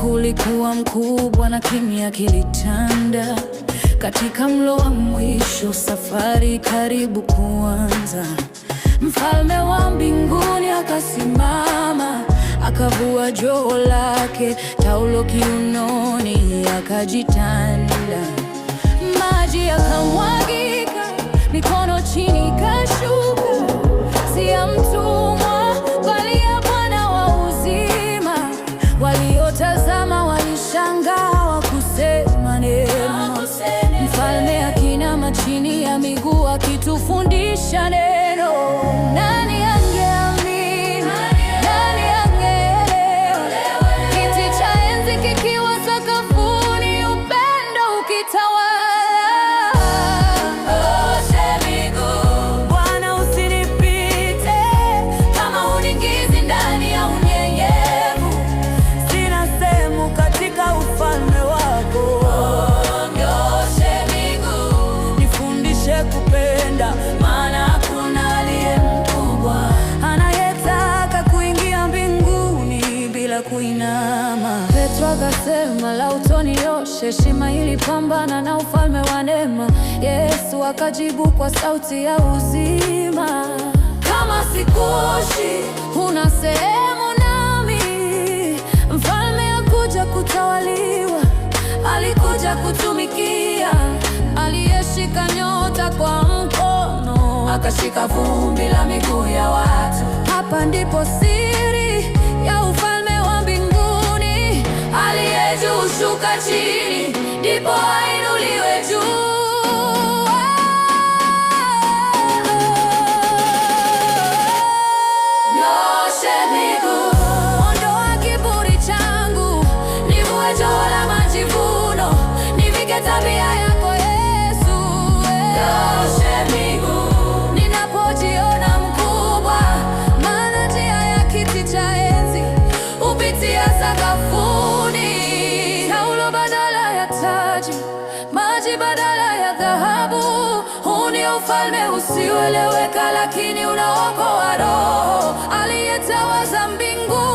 usiku ulikuwa mkubwa na kimya kilitanda katika mlo wa mwisho, safari karibu kuanza. Mfalme wa mbinguni akasimama, akavua joho lake, taulo kiunoni, akajitanda, maji yakamwagi Walipotazama walishangaa, hawakusema neno. Mfalme akinama chini ya miguu akitufundisha neno. Nani kuinama. Petro akasema, lau utaniosha, heshima pambana na ufalme wa neema. Yesu akajibu kwa sauti ya uzima, kama sikuoshi, huna sehemu nami. Mfalme akuja kutawaliwa, alikuja kutumikia. Aliyeshika nyota kwa mkono, akashika vumbi la miguu ya watu. Hapa ndipo si Maciej. badala ya taji, maji badala ya dhahabu. Huu ni ufalme usioeleweka, lakini unaokoa roho. Aliyetawaza mbingu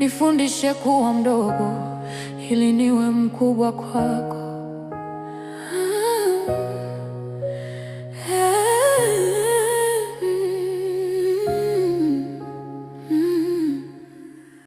nifundishe kuwa mdogo ili niwe mkubwa kwako.